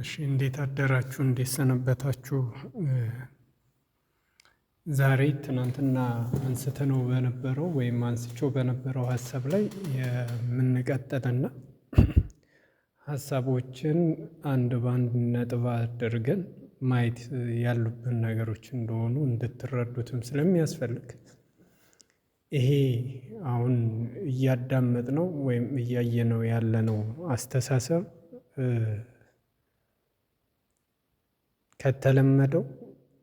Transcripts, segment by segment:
እሺ እንዴት አደራችሁ? እንዴት ሰነበታችሁ? ዛሬ ትናንትና አንስተነው በነበረው ወይም አንስቸው በነበረው ሀሳብ ላይ የምንቀጥልና ሀሳቦችን አንድ በአንድ ነጥብ አድርገን ማየት ያሉብን ነገሮች እንደሆኑ እንድትረዱትም ስለሚያስፈልግ ይሄ አሁን እያዳመጥ ነው ወይም እያየነው ያለነው አስተሳሰብ ከተለመደው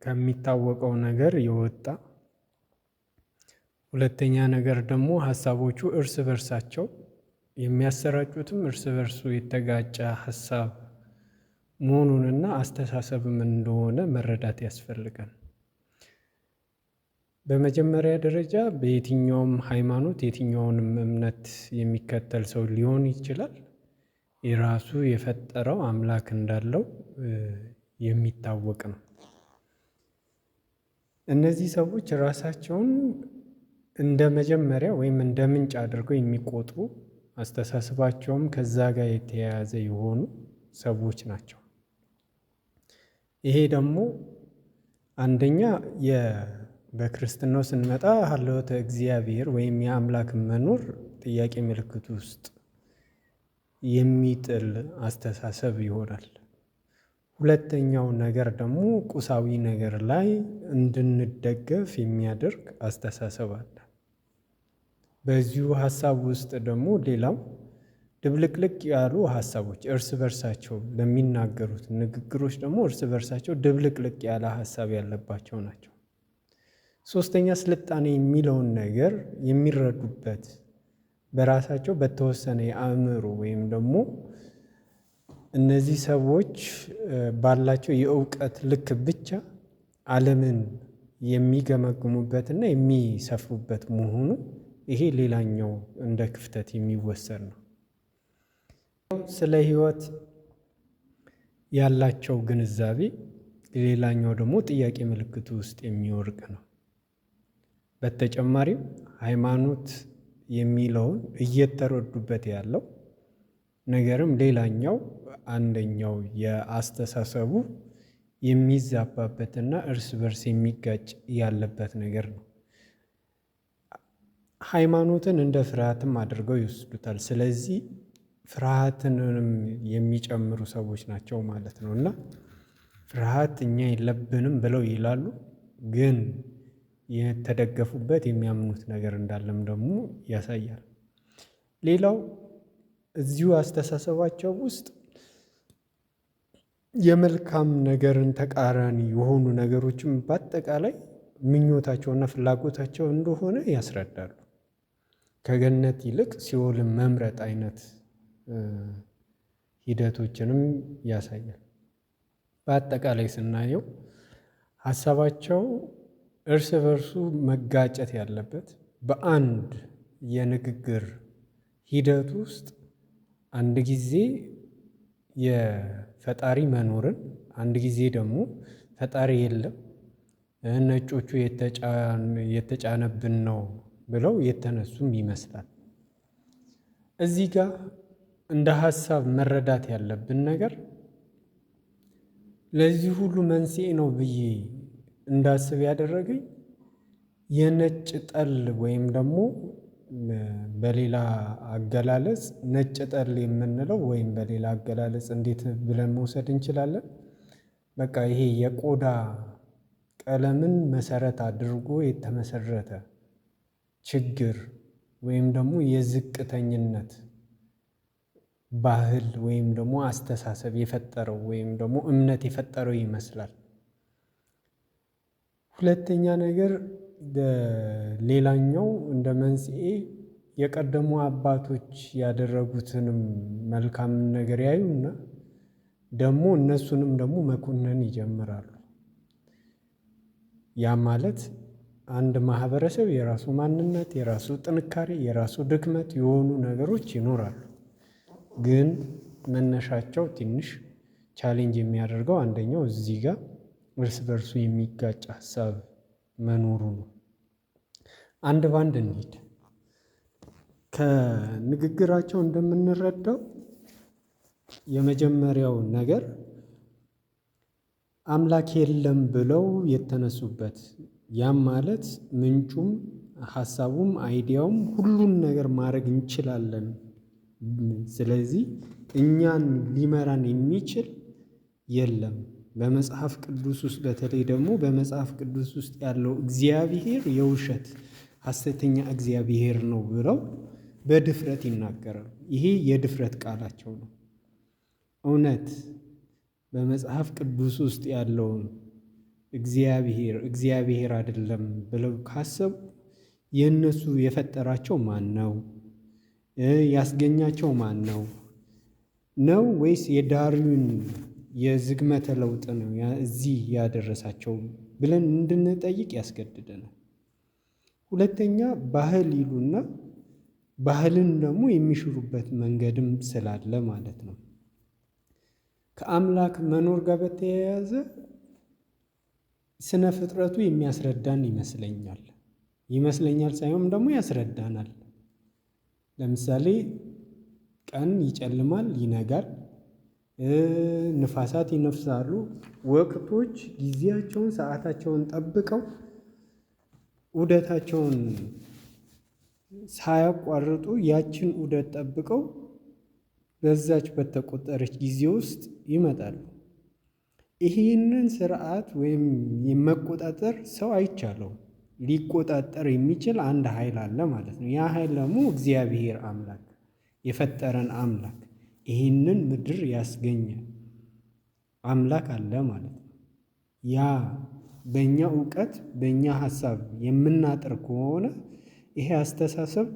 ከሚታወቀው ነገር የወጣ ሁለተኛ ነገር ደግሞ ሀሳቦቹ እርስ በርሳቸው የሚያሰራጩትም እርስ በርሱ የተጋጨ ሀሳብ መሆኑንና አስተሳሰብም እንደሆነ መረዳት ያስፈልጋል። በመጀመሪያ ደረጃ በየትኛውም ሃይማኖት የትኛውንም እምነት የሚከተል ሰው ሊሆን ይችላል። የራሱ የፈጠረው አምላክ እንዳለው የሚታወቅ ነው። እነዚህ ሰዎች ራሳቸውን እንደ መጀመሪያ ወይም እንደ ምንጭ አድርገው የሚቆጥሩ አስተሳሰባቸውም ከዛ ጋር የተያያዘ የሆኑ ሰዎች ናቸው። ይሄ ደግሞ አንደኛ በክርስትናው ስንመጣ ሀለወተ እግዚአብሔር ወይም የአምላክ መኖር ጥያቄ ምልክት ውስጥ የሚጥል አስተሳሰብ ይሆናል። ሁለተኛው ነገር ደግሞ ቁሳዊ ነገር ላይ እንድንደገፍ የሚያደርግ አስተሳሰብ አለ። በዚሁ ሀሳብ ውስጥ ደግሞ ሌላው ድብልቅልቅ ያሉ ሀሳቦች እርስ በርሳቸው ለሚናገሩት ንግግሮች ደግሞ እርስ በርሳቸው ድብልቅልቅ ያለ ሀሳብ ያለባቸው ናቸው። ሶስተኛ ስልጣኔ የሚለውን ነገር የሚረዱበት በራሳቸው በተወሰነ የአእምሮ ወይም ደግሞ እነዚህ ሰዎች ባላቸው የእውቀት ልክ ብቻ ዓለምን የሚገመግሙበትና የሚሰፍሩበት መሆኑ ይሄ ሌላኛው እንደ ክፍተት የሚወሰድ ነው። ስለ ህይወት ያላቸው ግንዛቤ ሌላኛው ደግሞ ጥያቄ ምልክቱ ውስጥ የሚወርቅ ነው። በተጨማሪም ሃይማኖት የሚለውን እየተረዱበት ያለው ነገርም ሌላኛው አንደኛው የአስተሳሰቡ የሚዛባበትና እርስ በርስ የሚጋጭ ያለበት ነገር ነው። ሃይማኖትን እንደ ፍርሃትም አድርገው ይወስዱታል። ስለዚህ ፍርሃትንም የሚጨምሩ ሰዎች ናቸው ማለት ነው። እና ፍርሃት እኛ የለብንም ብለው ይላሉ፣ ግን የተደገፉበት የሚያምኑት ነገር እንዳለም ደግሞ ያሳያል። ሌላው እዚሁ አስተሳሰባቸው ውስጥ የመልካም ነገርን ተቃራኒ የሆኑ ነገሮችን በአጠቃላይ ምኞታቸውና ፍላጎታቸው እንደሆነ ያስረዳሉ። ከገነት ይልቅ ሲኦልን መምረጥ አይነት ሂደቶችንም ያሳያል። በአጠቃላይ ስናየው ሀሳባቸው እርስ በርሱ መጋጨት ያለበት በአንድ የንግግር ሂደት ውስጥ አንድ ጊዜ የፈጣሪ መኖርን አንድ ጊዜ ደግሞ ፈጣሪ የለም ነጮቹ የተጫነብን ነው ብለው የተነሱም ይመስላል። እዚህ ጋር እንደ ሀሳብ መረዳት ያለብን ነገር ለዚህ ሁሉ መንስኤ ነው ብዬ እንዳስብ ያደረገኝ የነጭ ጠል ወይም ደግሞ በሌላ አገላለጽ ነጭ ጠል የምንለው ወይም በሌላ አገላለጽ እንዴት ብለን መውሰድ እንችላለን? በቃ ይሄ የቆዳ ቀለምን መሰረት አድርጎ የተመሰረተ ችግር ወይም ደግሞ የዝቅተኝነት ባህል ወይም ደግሞ አስተሳሰብ የፈጠረው ወይም ደግሞ እምነት የፈጠረው ይመስላል። ሁለተኛ ነገር ሌላኛው እንደ መንስኤ የቀደሙ አባቶች ያደረጉትንም መልካም ነገር ያዩና ደግሞ እነሱንም ደግሞ መኮነን ይጀምራሉ። ያ ማለት አንድ ማህበረሰብ የራሱ ማንነት፣ የራሱ ጥንካሬ፣ የራሱ ድክመት የሆኑ ነገሮች ይኖራሉ። ግን መነሻቸው ትንሽ ቻሌንጅ የሚያደርገው አንደኛው እዚህ ጋር እርስ በእርሱ የሚጋጭ ሀሳብ መኖሩ ነው። አንድ ባንድ እንሂድ። ከንግግራቸው እንደምንረዳው የመጀመሪያው ነገር አምላክ የለም ብለው የተነሱበት ያም ማለት ምንጩም ሀሳቡም አይዲያውም ሁሉን ነገር ማድረግ እንችላለን። ስለዚህ እኛን ሊመራን የሚችል የለም በመጽሐፍ ቅዱስ ውስጥ በተለይ ደግሞ በመጽሐፍ ቅዱስ ውስጥ ያለው እግዚአብሔር የውሸት ሐሰተኛ እግዚአብሔር ነው ብለው በድፍረት ይናገራሉ። ይሄ የድፍረት ቃላቸው ነው። እውነት በመጽሐፍ ቅዱስ ውስጥ ያለውን እግዚአብሔር እግዚአብሔር አይደለም ብለው ካሰቡ የእነሱ የፈጠራቸው ማን ነው? ያስገኛቸው ማን ነው ነው ወይስ የዳርዊን የዝግመተ ለውጥ ነው እዚህ ያደረሳቸው ብለን እንድንጠይቅ ያስገድደናል። ሁለተኛ ባህል ይሉና ባህልን ደግሞ የሚሽሩበት መንገድም ስላለ ማለት ነው። ከአምላክ መኖር ጋር በተያያዘ ስነ ፍጥረቱ የሚያስረዳን ይመስለኛል ይመስለኛል ሳይሆን ደግሞ ያስረዳናል። ለምሳሌ ቀን ይጨልማል፣ ይነጋል ንፋሳት ይነፍሳሉ። ወቅቶች ጊዜያቸውን ሰዓታቸውን ጠብቀው ዑደታቸውን ሳያቋርጡ ያችን ዑደት ጠብቀው በዛች በተቆጠረች ጊዜ ውስጥ ይመጣሉ። ይህንን ስርዓት ወይም የመቆጣጠር ሰው አይቻለው ሊቆጣጠር የሚችል አንድ ኃይል አለ ማለት ነው። ያ ኃይል ደግሞ እግዚአብሔር አምላክ የፈጠረን አምላክ ይህንን ምድር ያስገኘ አምላክ አለ ማለት ነው። ያ በእኛ እውቀት በእኛ ሀሳብ የምናጥር ከሆነ ይሄ አስተሳሰብ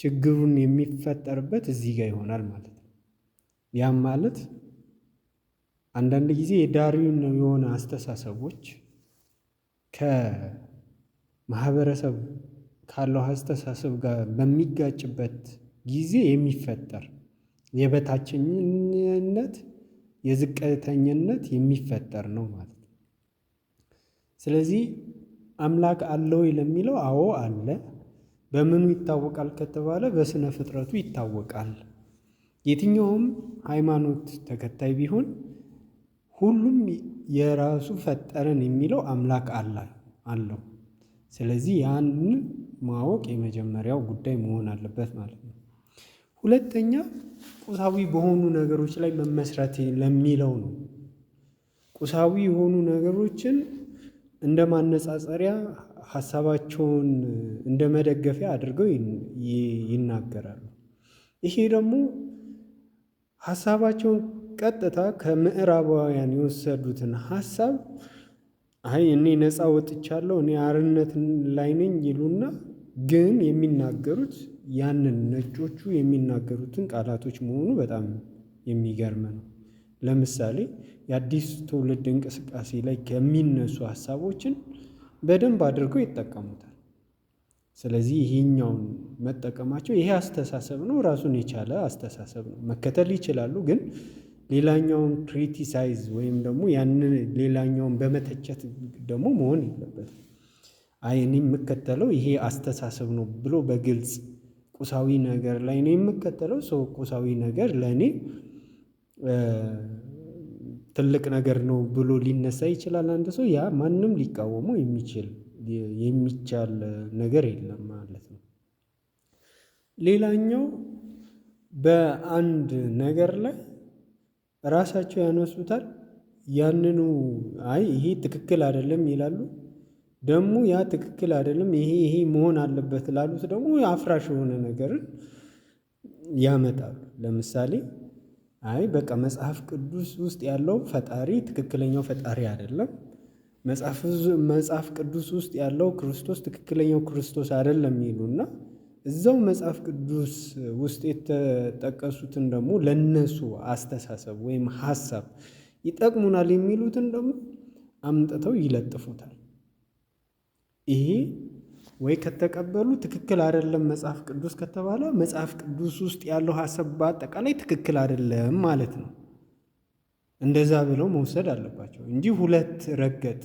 ችግሩን የሚፈጠርበት እዚህ ጋር ይሆናል ማለት ነው። ያም ማለት አንዳንድ ጊዜ የዳሪውን የሆነ አስተሳሰቦች ከማህበረሰብ ካለው አስተሳሰብ ጋር በሚጋጭበት ጊዜ የሚፈጠር የበታችነት የዝቅተኝነት የሚፈጠር ነው ማለት ነው። ስለዚህ አምላክ አለ ወይ ለሚለው አዎ አለ። በምኑ ይታወቃል ከተባለ በስነ ፍጥረቱ ይታወቃል። የትኛውም ሃይማኖት ተከታይ ቢሆን ሁሉም የራሱ ፈጠረን የሚለው አምላክ አለው። ስለዚህ ያንን ማወቅ የመጀመሪያው ጉዳይ መሆን አለበት ማለት ነው። ሁለተኛ ቁሳዊ በሆኑ ነገሮች ላይ መመስረት ለሚለው ነው። ቁሳዊ የሆኑ ነገሮችን እንደ ማነጻጸሪያ ሀሳባቸውን እንደ መደገፊያ አድርገው ይናገራሉ። ይሄ ደግሞ ሀሳባቸውን ቀጥታ ከምዕራባውያን የወሰዱትን ሀሳብ አይ እኔ ነፃ ወጥቻለሁ እኔ አርነት ላይ ነኝ ይሉና ግን የሚናገሩት ያንን ነጮቹ የሚናገሩትን ቃላቶች መሆኑ በጣም የሚገርም ነው። ለምሳሌ የአዲስ ትውልድ እንቅስቃሴ ላይ ከሚነሱ ሀሳቦችን በደንብ አድርገው ይጠቀሙታል። ስለዚህ ይሄኛውን መጠቀማቸው ይሄ አስተሳሰብ ነው፣ ራሱን የቻለ አስተሳሰብ ነው። መከተል ይችላሉ፣ ግን ሌላኛውን ክሪቲሳይዝ ወይም ደግሞ ያንን ሌላኛውን በመተቸት ደግሞ መሆን የለበትም። አይ እኔ የምከተለው ይሄ አስተሳሰብ ነው ብሎ በግልጽ ቁሳዊ ነገር ላይ ነው የምከተለው። ሰው ቁሳዊ ነገር ለእኔ ትልቅ ነገር ነው ብሎ ሊነሳ ይችላል። አንድ ሰው ያ ማንም ሊቃወመው የሚችል የሚቻል ነገር የለም ማለት ነው። ሌላኛው በአንድ ነገር ላይ ራሳቸው ያነሱታል። ያንኑ አይ ይሄ ትክክል አይደለም ይላሉ ደግሞ ያ ትክክል አይደለም፣ ይሄ ይሄ መሆን አለበት ላሉት ደግሞ አፍራሽ የሆነ ነገርን ያመጣሉ። ለምሳሌ አይ በቃ መጽሐፍ ቅዱስ ውስጥ ያለው ፈጣሪ ትክክለኛው ፈጣሪ አይደለም፣ መጽሐፍ ቅዱስ ውስጥ ያለው ክርስቶስ ትክክለኛው ክርስቶስ አይደለም ይሉና እዛው መጽሐፍ ቅዱስ ውስጥ የተጠቀሱትን ደግሞ ለነሱ አስተሳሰብ ወይም ሀሳብ ይጠቅሙናል የሚሉትን ደግሞ አምጥተው ይለጥፉታል። ይሄ ወይ ከተቀበሉ ትክክል አይደለም መጽሐፍ ቅዱስ ከተባለ መጽሐፍ ቅዱስ ውስጥ ያለው ሀሳብ በአጠቃላይ ትክክል አይደለም ማለት ነው። እንደዛ ብለው መውሰድ አለባቸው እንጂ ሁለት ረገጥ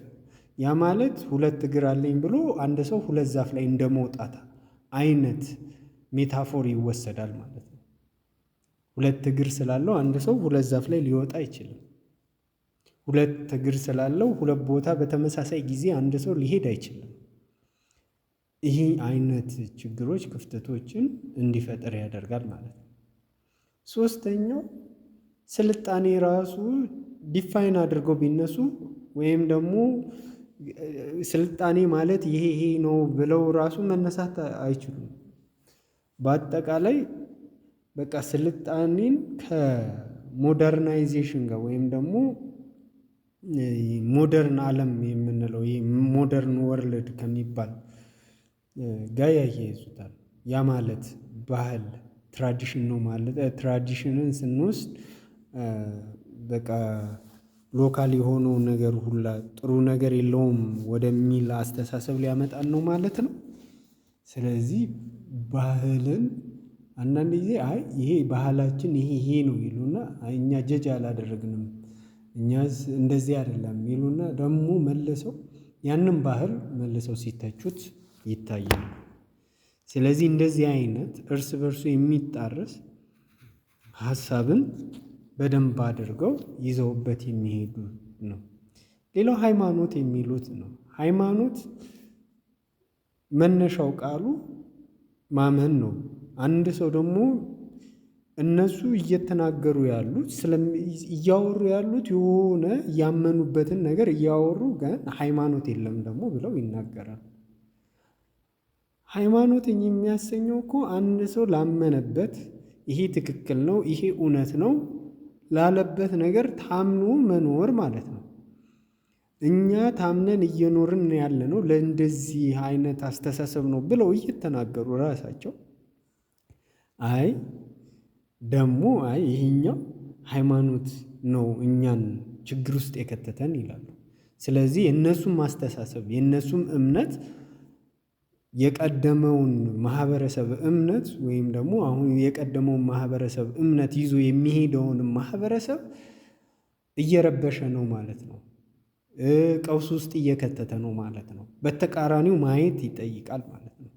ያ ማለት ሁለት እግር አለኝ ብሎ አንድ ሰው ሁለት ዛፍ ላይ እንደመውጣት አይነት ሜታፎር ይወሰዳል ማለት ነው። ሁለት እግር ስላለው አንድ ሰው ሁለት ዛፍ ላይ ሊወጣ አይችልም። ሁለት እግር ስላለው ሁለት ቦታ በተመሳሳይ ጊዜ አንድ ሰው ሊሄድ አይችልም። ይህ አይነት ችግሮች ክፍተቶችን እንዲፈጠር ያደርጋል ማለት ነው። ሶስተኛው ስልጣኔ ራሱ ዲፋይን አድርገው ቢነሱ ወይም ደግሞ ስልጣኔ ማለት ይሄ ይሄ ነው ብለው ራሱ መነሳት አይችሉም። በአጠቃላይ በቃ ስልጣኔን ከሞደርናይዜሽን ጋር ወይም ደግሞ ሞደርን ዓለም የምንለው ይሄ ሞደርን ወርልድ ከሚባል ጋር ያያይዙታል። ያ ማለት ባህል ትራዲሽን ነው ማለት ትራዲሽንን ስንወስድ በቃ ሎካል የሆነው ነገር ሁላ ጥሩ ነገር የለውም ወደሚል አስተሳሰብ ሊያመጣን ነው ማለት ነው። ስለዚህ ባህልን አንዳንድ ጊዜ አይ ይሄ ባህላችን ይሄ ይሄ ነው ይሉና እኛ ጀጅ አላደረግንም እኛስ እንደዚህ አይደለም ይሉና ደግሞ መልሰው ያንን ባህል መልሰው ሲተቹት ይታያል። ስለዚህ እንደዚህ አይነት እርስ በርሱ የሚጣረስ ሀሳብን በደንብ አድርገው ይዘውበት የሚሄዱ ነው። ሌላው ሃይማኖት የሚሉት ነው። ሃይማኖት መነሻው ቃሉ ማመን ነው። አንድ ሰው ደግሞ እነሱ እየተናገሩ ያሉት እያወሩ ያሉት የሆነ ያመኑበትን ነገር እያወሩ ግን ሃይማኖት የለም ደግሞ ብለው ይናገራል። ሃይማኖትን የሚያሰኘው እኮ አንድ ሰው ላመነበት ይሄ ትክክል ነው፣ ይሄ እውነት ነው ላለበት ነገር ታምኖ መኖር ማለት ነው። እኛ ታምነን እየኖርን ነው ለእንደዚህ አይነት አስተሳሰብ ነው ብለው እየተናገሩ ራሳቸው አይ ደግሞ አይ ይሄኛው ሃይማኖት ነው እኛን ችግር ውስጥ የከተተን ይላሉ። ስለዚህ የእነሱም አስተሳሰብ የእነሱም እምነት የቀደመውን ማህበረሰብ እምነት ወይም ደግሞ አሁን የቀደመውን ማህበረሰብ እምነት ይዞ የሚሄደውን ማህበረሰብ እየረበሸ ነው ማለት ነው። ቀውስ ውስጥ እየከተተ ነው ማለት ነው። በተቃራኒው ማየት ይጠይቃል ማለት ነው።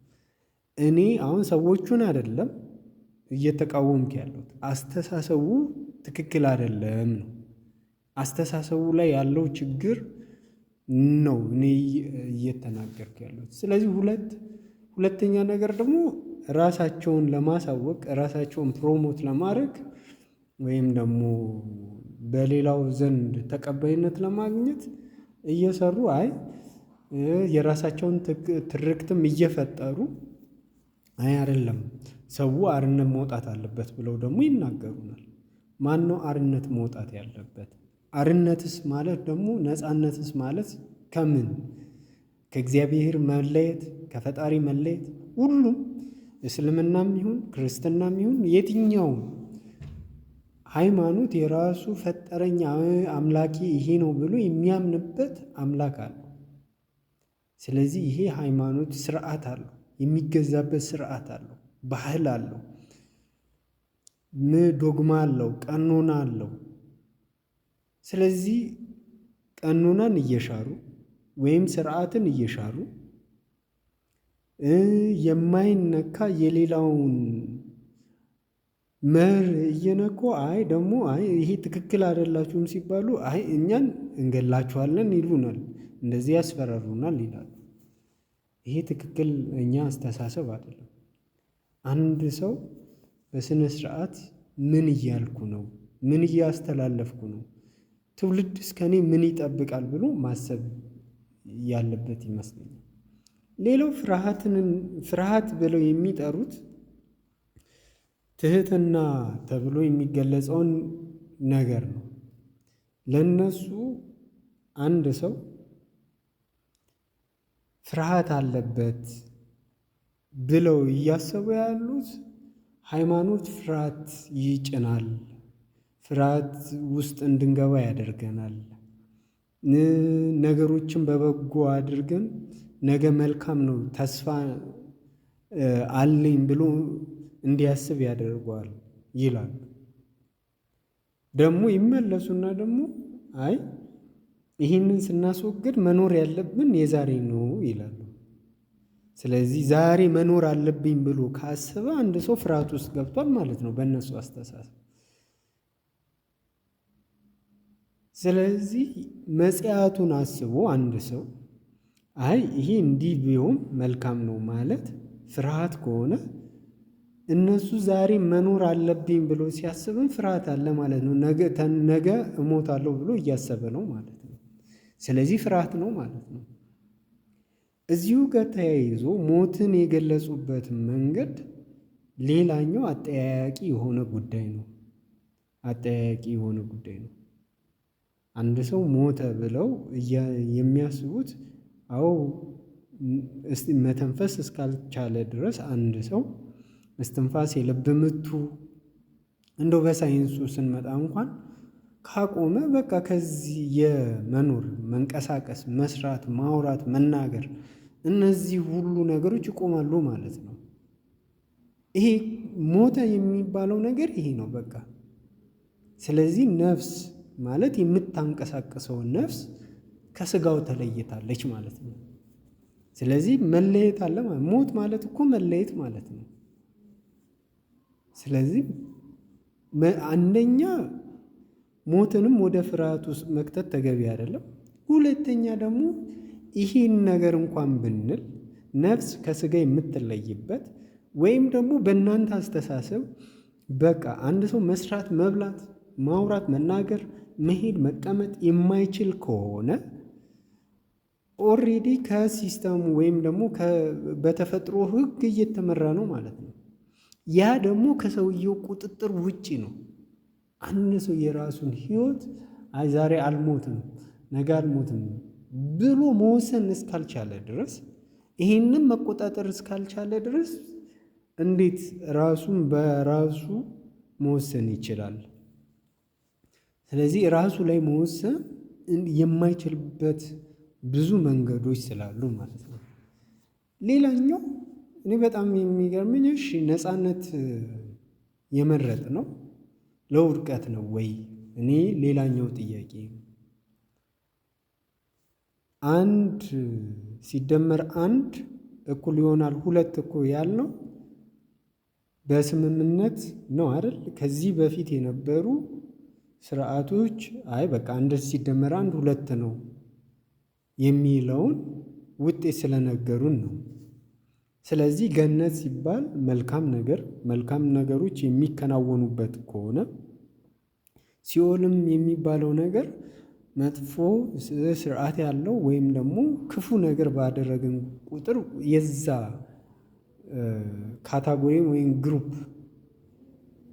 እኔ አሁን ሰዎቹን አይደለም እየተቃወምክ ያለሁት አስተሳሰቡ ትክክል አይደለም ነው። አስተሳሰቡ ላይ ያለው ችግር ነው እኔ እየተናገርኩ ያለሁት። ስለዚህ ሁለት ሁለተኛ ነገር ደግሞ ራሳቸውን ለማሳወቅ ራሳቸውን ፕሮሞት ለማድረግ ወይም ደግሞ በሌላው ዘንድ ተቀባይነት ለማግኘት እየሰሩ አይ የራሳቸውን ትርክትም እየፈጠሩ አይ አይደለም ሰው አርነት መውጣት አለበት ብለው ደግሞ ይናገሩናል። ማን ነው አርነት መውጣት ያለበት? አርነትስ ማለት ደግሞ ነፃነትስ ማለት ከምን ከእግዚአብሔር መለየት ከፈጣሪ መለየት ሁሉም እስልምናም ይሁን ክርስትናም ይሁን የትኛውም ሃይማኖት የራሱ ፈጠረኛ አምላኬ ይሄ ነው ብሎ የሚያምንበት አምላክ አለው። ስለዚህ ይሄ ሃይማኖት ስርዓት አለው፣ የሚገዛበት ስርዓት አለው፣ ባህል አለው፣ ዶግማ አለው፣ ቀኖና አለው። ስለዚህ ቀኖናን እየሻሩ ወይም ስርዓትን እየሻሩ የማይነካ የሌላውን መር እየነኩ አይ ደግሞ አይ ይሄ ትክክል አይደላችሁም ሲባሉ አይ እኛን እንገላችኋለን ይሉናል፣ እንደዚህ ያስፈራሩናል ይላሉ። ይሄ ትክክል እኛ አስተሳሰብ አይደለም። አንድ ሰው በስነ ስርዓት ምን እያልኩ ነው? ምን እያስተላለፍኩ ነው? ትውልድ እስከኔ ምን ይጠብቃል ብሎ ማሰብ ያለበት ይመስለኛል። ሌላው ፍርሃት ብለው የሚጠሩት ትህትና ተብሎ የሚገለጸውን ነገር ነው። ለነሱ አንድ ሰው ፍርሃት አለበት ብለው እያሰቡ ያሉት ሃይማኖት ፍርሃት ይጭናል ፍርሃት ውስጥ እንድንገባ ያደርገናል። ነገሮችን በበጎ አድርገን ነገ መልካም ነው ተስፋ አለኝ ብሎ እንዲያስብ ያደርገዋል ይላል። ደግሞ ይመለሱና ደግሞ አይ ይህንን ስናስወግድ መኖር ያለብን የዛሬ ነው ይላሉ። ስለዚህ ዛሬ መኖር አለብኝ ብሎ ካሰበ አንድ ሰው ፍርሃት ውስጥ ገብቷል ማለት ነው በእነሱ አስተሳሰብ። ስለዚህ መጽያቱን አስቦ አንድ ሰው አይ ይሄ እንዲህ ቢሆን መልካም ነው ማለት ፍርሃት ከሆነ እነሱ ዛሬ መኖር አለብኝ ብሎ ሲያስብም ፍርሃት አለ ማለት ነው። ነገ እሞታለሁ ብሎ እያሰበ ነው ማለት ነው። ስለዚህ ፍርሃት ነው ማለት ነው። እዚሁ ጋር ተያይዞ ሞትን የገለጹበት መንገድ ሌላኛው አጠያያቂ የሆነ ጉዳይ ነው። አጠያያቂ የሆነ ጉዳይ ነው። አንድ ሰው ሞተ ብለው የሚያስቡት አዎ መተንፈስ እስካልቻለ ድረስ አንድ ሰው እስትንፋስ የልብ ምቱ እንደው በሳይንሱ ስንመጣ እንኳን ካቆመ በቃ ከዚህ የመኖር መንቀሳቀስ፣ መስራት፣ ማውራት፣ መናገር እነዚህ ሁሉ ነገሮች ይቆማሉ ማለት ነው። ይሄ ሞተ የሚባለው ነገር ይሄ ነው በቃ። ስለዚህ ነፍስ ማለት የምታንቀሳቀሰውን ነፍስ ከስጋው ተለይታለች ማለት ነው። ስለዚህ መለየት አለ። ሞት ማለት እኮ መለየት ማለት ነው። ስለዚህ አንደኛ ሞትንም ወደ ፍርሃት ውስጥ መክተት ተገቢ አይደለም። ሁለተኛ ደግሞ ይህን ነገር እንኳን ብንል ነፍስ ከስጋ የምትለይበት ወይም ደግሞ በእናንተ አስተሳሰብ በቃ አንድ ሰው መስራት መብላት ማውራት፣ መናገር፣ መሄድ፣ መቀመጥ የማይችል ከሆነ ኦሬዲ ከሲስተሙ ወይም ደግሞ በተፈጥሮ ህግ እየተመራ ነው ማለት ነው። ያ ደግሞ ከሰውየው ቁጥጥር ውጪ ነው። አንድ ሰው የራሱን ህይወት አይ ዛሬ አልሞትም፣ ነገ አልሞትም ብሎ መወሰን እስካልቻለ ድረስ ይሄንም መቆጣጠር እስካልቻለ ድረስ እንዴት ራሱን በራሱ መወሰን ይችላል? ስለዚህ ራሱ ላይ መወሰን የማይችልበት ብዙ መንገዶች ስላሉ ማለት ነው። ሌላኛው እኔ በጣም የሚገርመኝ እሺ ነፃነት የመረጥ ነው ለውድቀት ነው ወይ? እኔ ሌላኛው ጥያቄ አንድ ሲደመር አንድ እኩል ይሆናል ሁለት እኮ ያልነው በስምምነት ነው አይደል? ከዚህ በፊት የነበሩ ስርዓቶች አይ በቃ አንድ ሲደመር አንድ ሁለት ነው የሚለውን ውጤት ስለነገሩን ነው። ስለዚህ ገነት ሲባል መልካም ነገር መልካም ነገሮች የሚከናወኑበት ከሆነ ሲኦልም የሚባለው ነገር መጥፎ ስርዓት ያለው ወይም ደግሞ ክፉ ነገር ባደረግን ቁጥር የዛ ካታጎሪ ወይም ግሩፕ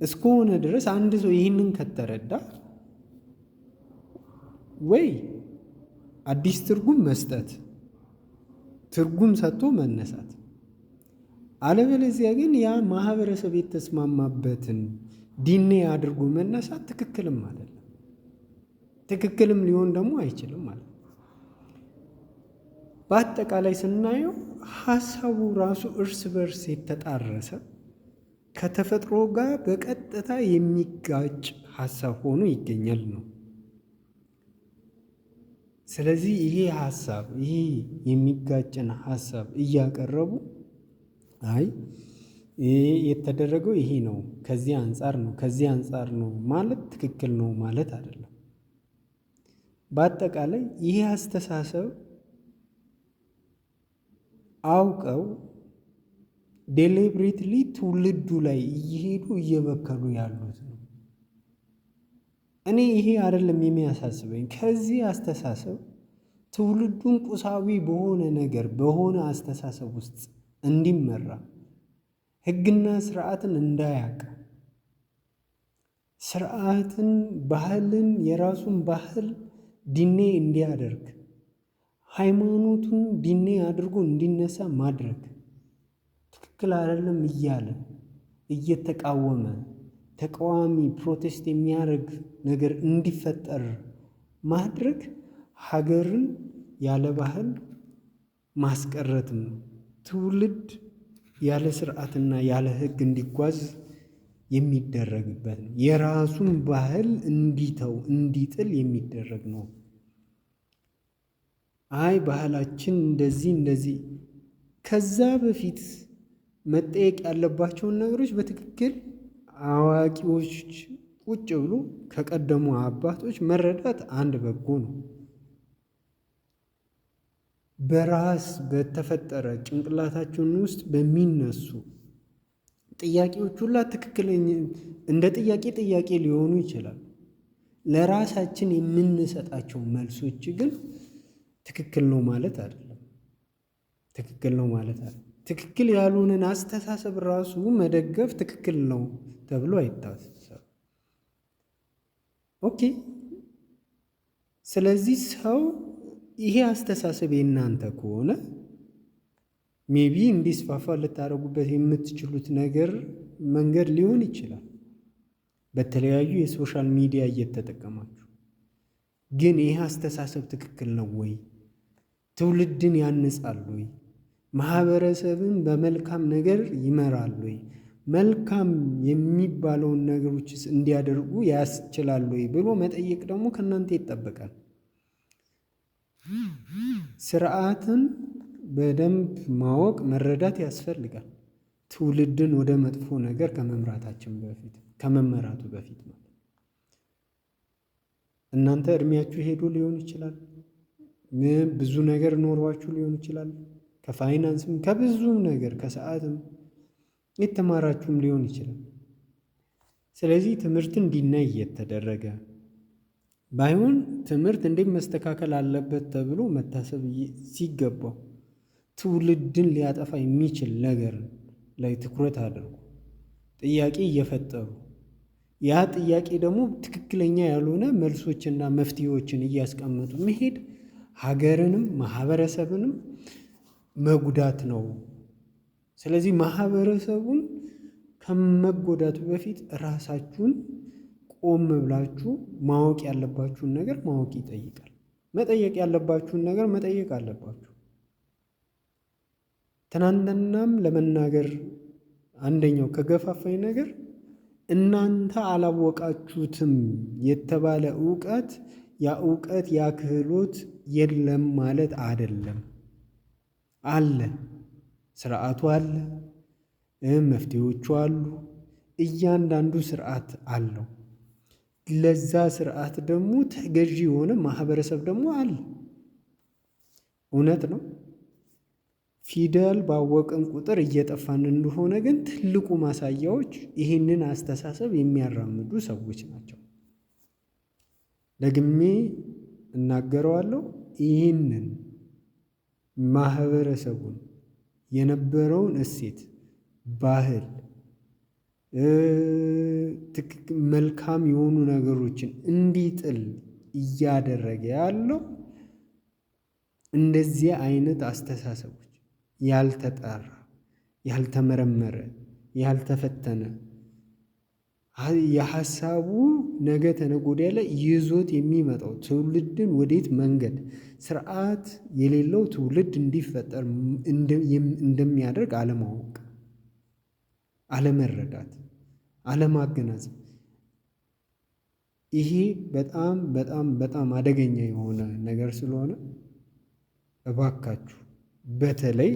እስከሆነ ድረስ አንድ ሰው ይህንን ከተረዳ ወይ አዲስ ትርጉም መስጠት ትርጉም ሰጥቶ መነሳት። አለበለዚያ ግን ያ ማህበረሰብ የተስማማበትን ዲኔ አድርጎ መነሳት ትክክልም አይደለም፣ ትክክልም ሊሆን ደግሞ አይችልም ማለት ነው። በአጠቃላይ ስናየው ሀሳቡ ራሱ እርስ በርስ የተጣረሰ ከተፈጥሮ ጋር በቀጥታ የሚጋጭ ሀሳብ ሆኖ ይገኛል ነው። ስለዚህ ይሄ ሀሳብ ይሄ የሚጋጭን ሀሳብ እያቀረቡ አይ የተደረገው ይሄ ነው፣ ከዚህ አንጻር ነው፣ ከዚህ አንጻር ነው ማለት ትክክል ነው ማለት አይደለም። በአጠቃላይ ይሄ አስተሳሰብ አውቀው ዴሊብሬትሊ ትውልዱ ላይ እየሄዱ እየበከሉ ያሉት ነው። እኔ ይሄ አይደለም የሚያሳስበኝ። ከዚህ አስተሳሰብ ትውልዱን ቁሳዊ በሆነ ነገር በሆነ አስተሳሰብ ውስጥ እንዲመራ ሕግና ስርዓትን እንዳያውቅ ስርዓትን፣ ባህልን የራሱን ባህል ዲኔ እንዲያደርግ ሃይማኖቱን ዲኔ አድርጎ እንዲነሳ ማድረግ ትክክል አይደለም እያለ እየተቃወመ ተቃዋሚ ፕሮቴስት የሚያደርግ ነገር እንዲፈጠር ማድረግ ሀገርን ያለ ባህል ማስቀረትም ትውልድ ያለ ስርዓትና ያለ ህግ እንዲጓዝ የሚደረግበት ነው። የራሱን ባህል እንዲተው እንዲጥል የሚደረግ ነው። አይ ባህላችን እንደዚህ እንደዚህ ከዛ በፊት መጠየቅ ያለባቸውን ነገሮች በትክክል አዋቂዎች ቁጭ ብሎ ከቀደሙ አባቶች መረዳት አንድ በጎ ነው። በራስ በተፈጠረ ጭንቅላታችን ውስጥ በሚነሱ ጥያቄዎች ሁላ ትክክለኛ እንደ ጥያቄ ጥያቄ ሊሆኑ ይችላል። ለራሳችን የምንሰጣቸው መልሶች ግን ትክክል ነው ማለት አይደለም። ትክክል ነው ማለት አይደለም። ትክክል ያልሆነን አስተሳሰብ ራሱ መደገፍ ትክክል ነው ተብሎ አይታሰብም። ኦኬ። ስለዚህ ሰው ይሄ አስተሳሰብ የእናንተ ከሆነ ሜቢ እንዲስፋፋ ልታደርጉበት የምትችሉት ነገር መንገድ ሊሆን ይችላል። በተለያዩ የሶሻል ሚዲያ እየተጠቀማችሁ ግን ይህ አስተሳሰብ ትክክል ነው ወይ? ትውልድን ያንጻል ወይ? ማህበረሰብን በመልካም ነገር ይመራሉ ወይ? መልካም የሚባለውን ነገሮችስ እንዲያደርጉ ያስችላሉ ወይ ብሎ መጠየቅ ደግሞ ከእናንተ ይጠበቃል። ስርዓትን በደንብ ማወቅ መረዳት ያስፈልጋል። ትውልድን ወደ መጥፎ ነገር ከመምራታችን በፊት ከመመራቱ በፊት ማለት እናንተ እድሜያችሁ ሄዶ ሊሆን ይችላል። ብዙ ነገር ኖሯችሁ ሊሆን ይችላል። ከፋይናንስም ከብዙም ነገር ከሰዓትም የተማራችሁም ሊሆን ይችላል። ስለዚህ ትምህርት እንዲናይ እየተደረገ ባይሆን ትምህርት እንዴት መስተካከል አለበት ተብሎ መታሰብ ሲገባው ትውልድን ሊያጠፋ የሚችል ነገር ላይ ትኩረት አድርጉ። ጥያቄ እየፈጠሩ ያ ጥያቄ ደግሞ ትክክለኛ ያልሆነ መልሶችና መፍትሄዎችን እያስቀመጡ መሄድ ሀገርንም ማህበረሰብንም መጉዳት ነው። ስለዚህ ማህበረሰቡን ከመጎዳቱ በፊት ራሳችሁን ቆም ብላችሁ ማወቅ ያለባችሁን ነገር ማወቅ ይጠይቃል። መጠየቅ ያለባችሁን ነገር መጠየቅ አለባችሁ። ትናንትናም ለመናገር አንደኛው ከገፋፋኝ ነገር እናንተ አላወቃችሁትም የተባለ እውቀት ያ እውቀት ያ ክህሎት የለም ማለት አይደለም። አለ፣ ስርዓቱ አለ፣ መፍትሄዎቹ አሉ። እያንዳንዱ ስርዓት አለው። ለዛ ስርዓት ደግሞ ተገዢ የሆነ ማህበረሰብ ደግሞ አለ። እውነት ነው። ፊደል ባወቅን ቁጥር እየጠፋን እንደሆነ ግን ትልቁ ማሳያዎች ይህንን አስተሳሰብ የሚያራምዱ ሰዎች ናቸው። ደግሜ እናገረዋለሁ ይህንን ማህበረሰቡን የነበረውን እሴት ባህል ትክክል መልካም የሆኑ ነገሮችን እንዲጥል እያደረገ ያለው እንደዚህ አይነት አስተሳሰቦች ያልተጣራ ያልተመረመረ ያልተፈተነ የሀሳቡ ነገ ተነጎዳ ያለ ይዞት የሚመጣው ትውልድን ወዴት መንገድ ስርዓት የሌለው ትውልድ እንዲፈጠር እንደሚያደርግ አለማወቅ፣ አለመረዳት፣ አለማገናዘብ ይሄ በጣም በጣም በጣም አደገኛ የሆነ ነገር ስለሆነ እባካችሁ በተለይ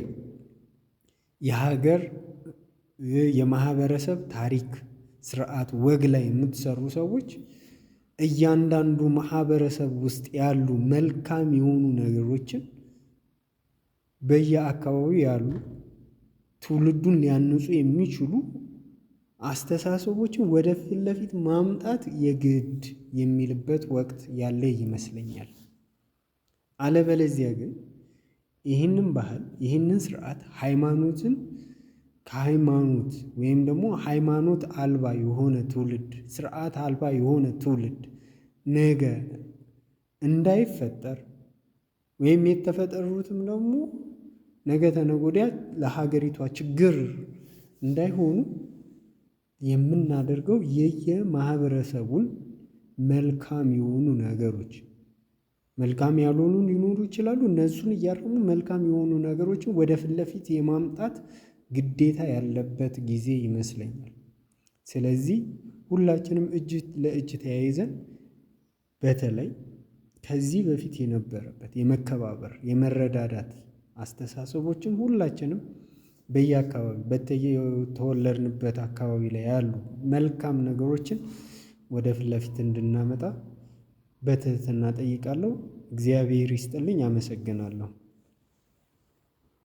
የሀገር የማህበረሰብ ታሪክ ስርዓት፣ ወግ ላይ የምትሰሩ ሰዎች እያንዳንዱ ማህበረሰብ ውስጥ ያሉ መልካም የሆኑ ነገሮችን በየአካባቢው ያሉ ትውልዱን ሊያንጹ የሚችሉ አስተሳሰቦችን ወደ ለፊት ማምጣት የግድ የሚልበት ወቅት ያለ ይመስለኛል። አለበለዚያ ግን ይህንን ባህል ይህንን ስርዓት ሃይማኖትን ከሃይማኖት ወይም ደግሞ ሃይማኖት አልባ የሆነ ትውልድ ስርዓት አልባ የሆነ ትውልድ ነገ እንዳይፈጠር ወይም የተፈጠሩትም ደግሞ ነገ ተነጎዲያ ለሀገሪቷ ችግር እንዳይሆኑ የምናደርገው የየማህበረሰቡን መልካም የሆኑ ነገሮች መልካም ያልሆኑ ሊኖሩ ይችላሉ። እነሱን እያረሙ መልካም የሆኑ ነገሮችን ወደ ፊት ለፊት የማምጣት ግዴታ ያለበት ጊዜ ይመስለኛል። ስለዚህ ሁላችንም እጅ ለእጅ ተያይዘን በተለይ ከዚህ በፊት የነበረበት የመከባበር የመረዳዳት አስተሳሰቦችም ሁላችንም በየአካባቢ በተወለድንበት አካባቢ ላይ ያሉ መልካም ነገሮችን ወደ ፊት ለፊት እንድናመጣ በትህትና ጠይቃለሁ። እግዚአብሔር ይስጥልኝ አመሰግናለሁ